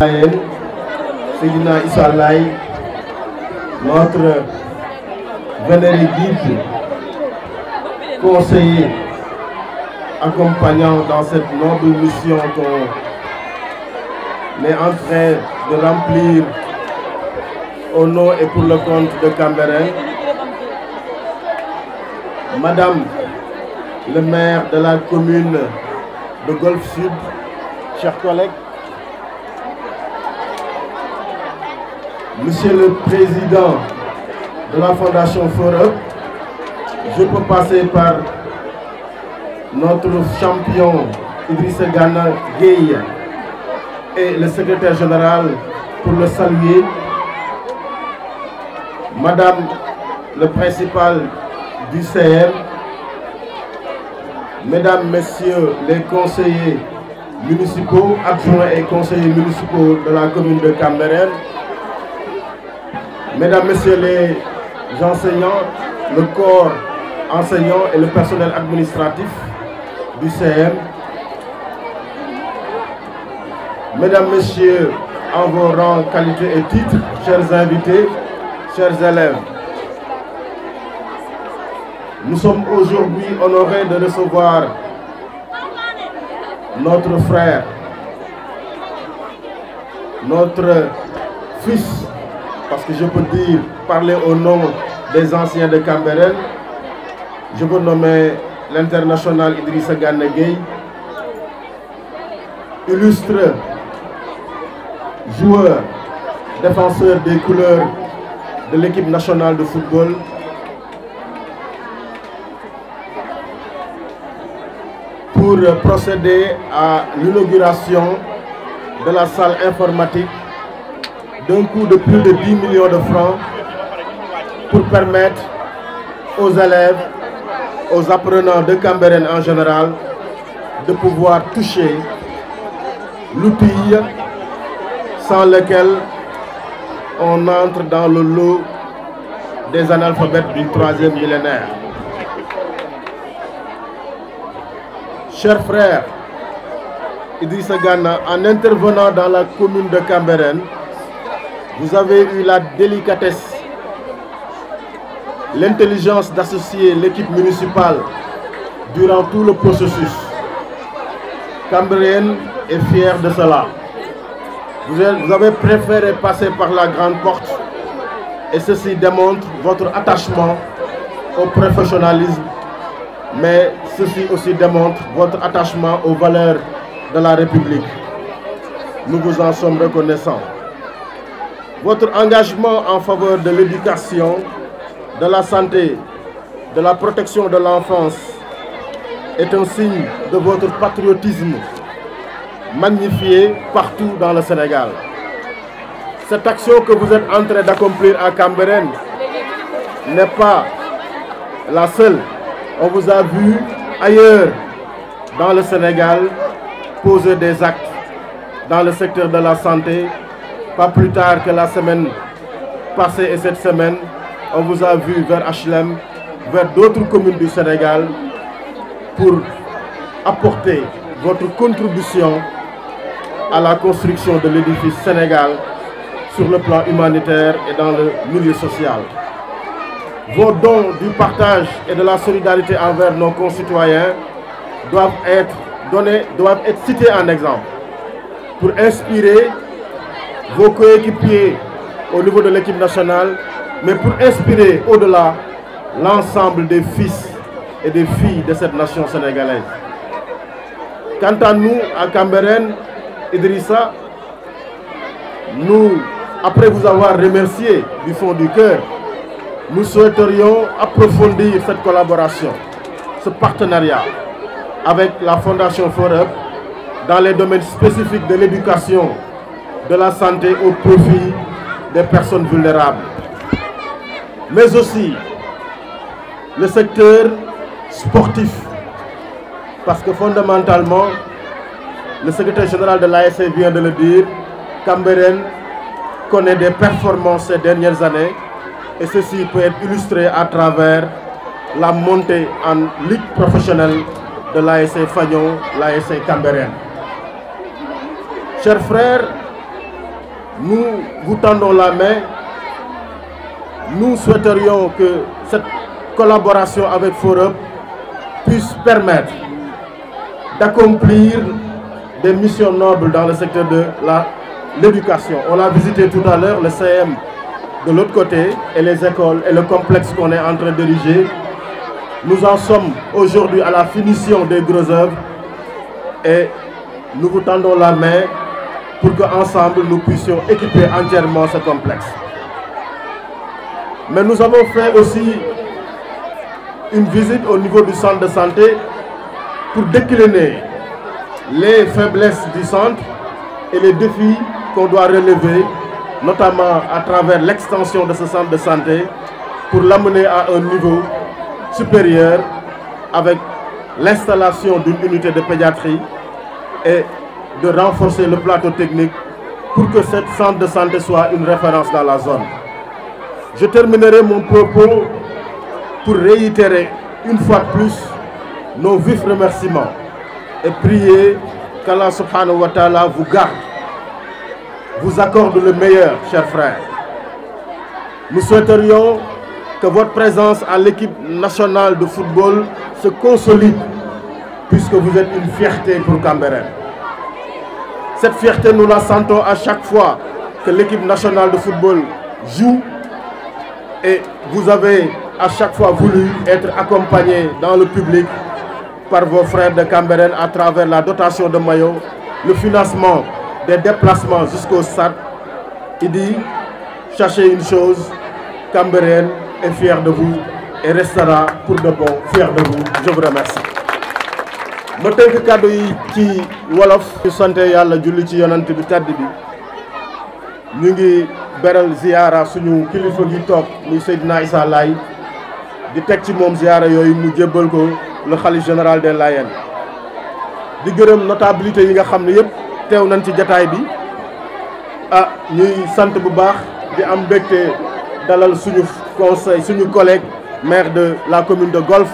Laye Seydina Issa Laye notre vénéré guide conseiller accompagnant dans cette noble mission qu'on est en de remplir au nom et pour le compte de Cambérène Madame le maire de la commune de Golfe Sud chers collègues Monsieur le Président de la Fondation Forum, je peux par notre champion Idrissa Gana Gueye et le secrétaire général pour le saluer. Madame le principal du CR, Mesdames, Messieurs les conseillers municipaux, adjoints et conseillers municipaux de la commune de Cambérène, Mesdames, Messieurs les enseignants, le corps enseignant et le personnel administratif du CM. Mesdames, Messieurs, en vos rangs, et titres, chers invités, chers élèves, nous sommes aujourd'hui honorés de recevoir notre frère, notre fils, parce que je peux dire, parler au nom des anciens de Cambérène, je peux nommer l'international Idrissa ganne Gueye, illustre joueur, défenseur des couleurs de l'équipe nationale de football. pour procéder à l'inauguration de la salle informatique d'un coût de plus de 10 millions de francs pour permettre aux élèves, aux apprenants de Cambérène en général, de pouvoir toucher l'outil sans lequel on entre dans le lot des analphabètes du troisième millénaire. Chers frères, Idrissa en intervenant dans la commune de Cambérène, vous avez eu la délicatesse, l'intelligence d'associer l'équipe municipale durant tout le processus. Cambérène est fier de cela. Vous avez préféré passer par la grande porte et ceci démontre votre attachement au professionnalisme, mais ceci aussi démontre votre attachement aux valeurs de la République. Nous vous en sommes reconnaissants. votre engagement en faveur de l'éducation, de la santé, de la protection de l'enfance est un signe de votre patriotisme magnifié partout dans le Sénégal. Cette action que vous êtes en train d'accomplir à Cambérène n'est pas la seule. On vous a vu ailleurs dans le Sénégal poser des actes dans le secteur de la santé, Pas plus tard que la semaine passée et cette semaine, on vous a vu vers HLM, vers d'autres communes du Sénégal pour apporter votre contribution à la construction de l'édifice Sénégal sur le plan humanitaire et dans le milieu social. Vos dons du partage et de la solidarité envers nos concitoyens doivent être donnés, doivent être cités en exemple pour inspirer vos coéquipiers au niveau de l'équipe nationale, mais pour inspirer au-delà l'ensemble des fils et des filles de cette nation sénégalaise. Quant à nous, à Camberen, Idrissa, nous, après vous avoir remercié du fond du cœur, nous souhaiterions approfondir cette collaboration, ce partenariat avec la Fondation Forum dans les domaines spécifiques de l'éducation, de la santé au profit des personnes vulnérables. Mais aussi le secteur sportif, parce que fondamentalement, le secrétaire général de l'ASC vient de le dire, Camberen connaît des performances ces dernières années, et ceci peut être illustré à travers la montée en ligue professionnelle de l'ASC Fagnon, l'ASC Camberen. Chers frères, Nous vous tendons la main. Nous souhaiterions que cette collaboration avec Forum puisse permettre d'accomplir des missions nobles dans le secteur de l'éducation. On l'a visité tout à l'heure, le CM de l'autre côté, et les écoles, et le complexe qu'on est en train de diriger. Nous en sommes aujourd'hui à la finition des gros œuvres et nous vous tendons la main pour que ensemble nous puissions équiper entièrement ce complexe. Mais nous avons fait aussi une visite au niveau du centre de santé pour décliner les faiblesses du centre et les défis qu'on doit relever, notamment à travers l'extension de ce centre de santé pour l'amener à un niveau supérieur avec l'installation d'une unité de pédiatrie et de renforcer le plateau technique pour que cette centre de santé soit une référence dans la zone. Je terminerai mon propos pour réitérer une fois de plus nos vifs remerciements et prier qu'Allah subhanahu wa ta'ala vous garde, vous accorde le meilleur, chers frères. Nous souhaiterions que votre présence à l'équipe nationale de football se consolide puisque vous êtes une fierté pour Cambérène. Cette fierté, nous la sentons à chaque fois que l'équipe nationale de football joue et vous avez à chaque fois voulu être accompagné dans le public par vos frères de Cambérène à travers la dotation de maillots, le financement des déplacements jusqu'au stade. Il dit, cherchez une chose, Cambérène est fier de vous et restera pour de bon fier de vous. Je vous remercie. ma tënk kàddu yi ci wolof ñu sante yàlla julli ci yonant bi tàdd bi ñu ngi beral ziyaara suñu kilifa gi toog muy Seydina Issa Laye di teg ci moom ziyaara yooyu mu jébbal ko le khalife général des Layènes di gërëm notabilité yi nga xam ne yëpp teew nañ ci jataay bi ah ñuy sant bu baax di am mbégte dalal suñu conseil suñu collègue maire de la commune de Golf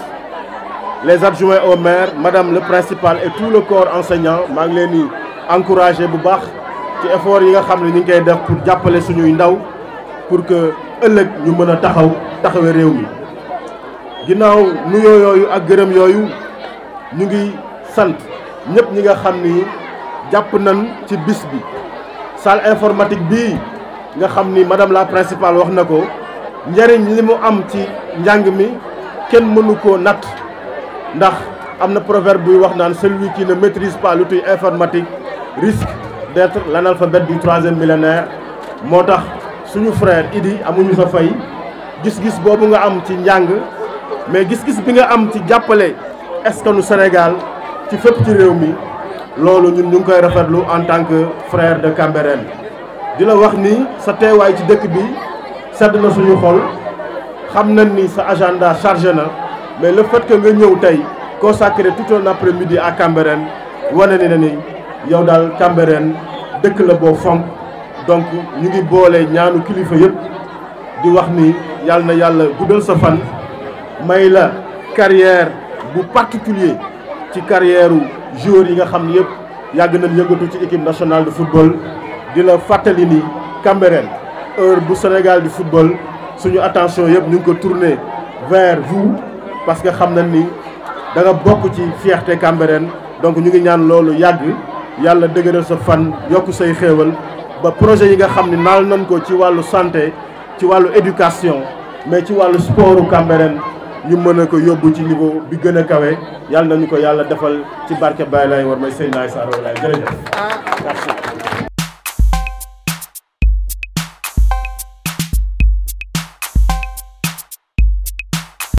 les adjoints au maire madame le principal et tout le corps enseignant maa ngi leen di encouragé bu baax ci effort yi nga xam ne ñu ngi koy def pour jàppale suñuy ndaw pour que ëllëg ñu mën a taxaw taxawe réew mi. ginnaaw nuyoo yooyu ak gërëm yooyu ñu ngi sant ñëpp ñi nga xam ni jàpp nañ ci bis bi salle informatique bii nga xam ni madame la principale wax na ko njëriñ li mu am ci njàng mi kenn mënu koo natt. ndax am na proverbe buy wax naan celui qui ne maîtrise pas l'outil informatique risque d'être l'analphabète du troisième millénaire moo tax suñu frère Idi amuñu sa fay gis-gis boobu nga am ci njàng mais gis-gis bi nga am ci jàppale askanu Sénégal ci fépp ci réew mi loolu ñun ñu ngi koy rafetlu en tant que frère de Cambérène di la wax ni sa teewaay ci dëkk bi sedd na suñu xol xam nañ ni sa agenda chargé na mais le fait que nga ñëw tey consacré tout un après-midi à Cambérène wane ni na ni yow daal Cambérène dëkk la boo fonk donc ñu ngi boole ñaanu kilifa yëpp di wax ni yàlla na yàlla guddal sa fan may la carrière bu particulier ci carrière u yi nga xam ne yëpp yàgg nañ yëngatu ci équipe nationale de football di la fàttali ni Cambérène heure bu Sénégal di football suñu attention yëpp ñu ko tourner vers vous parce que xam na ni da bokk ci fierté Cambérène donc ñu ngi ñaan loolu yàgg yàlla dëgëral sa fan yokk say xéewal ba projet yi nga xam ne naal nañ ko ci wàllu santé ci wàllu éducation mais ci wàllu sportu Cambérène ñu mën a ko yóbbu ci niveau bi gën a kawe yàlla nañu ko yàlla defal ci barke Baye Laye war may sëy naay saaro laay jërëjëf ah. merci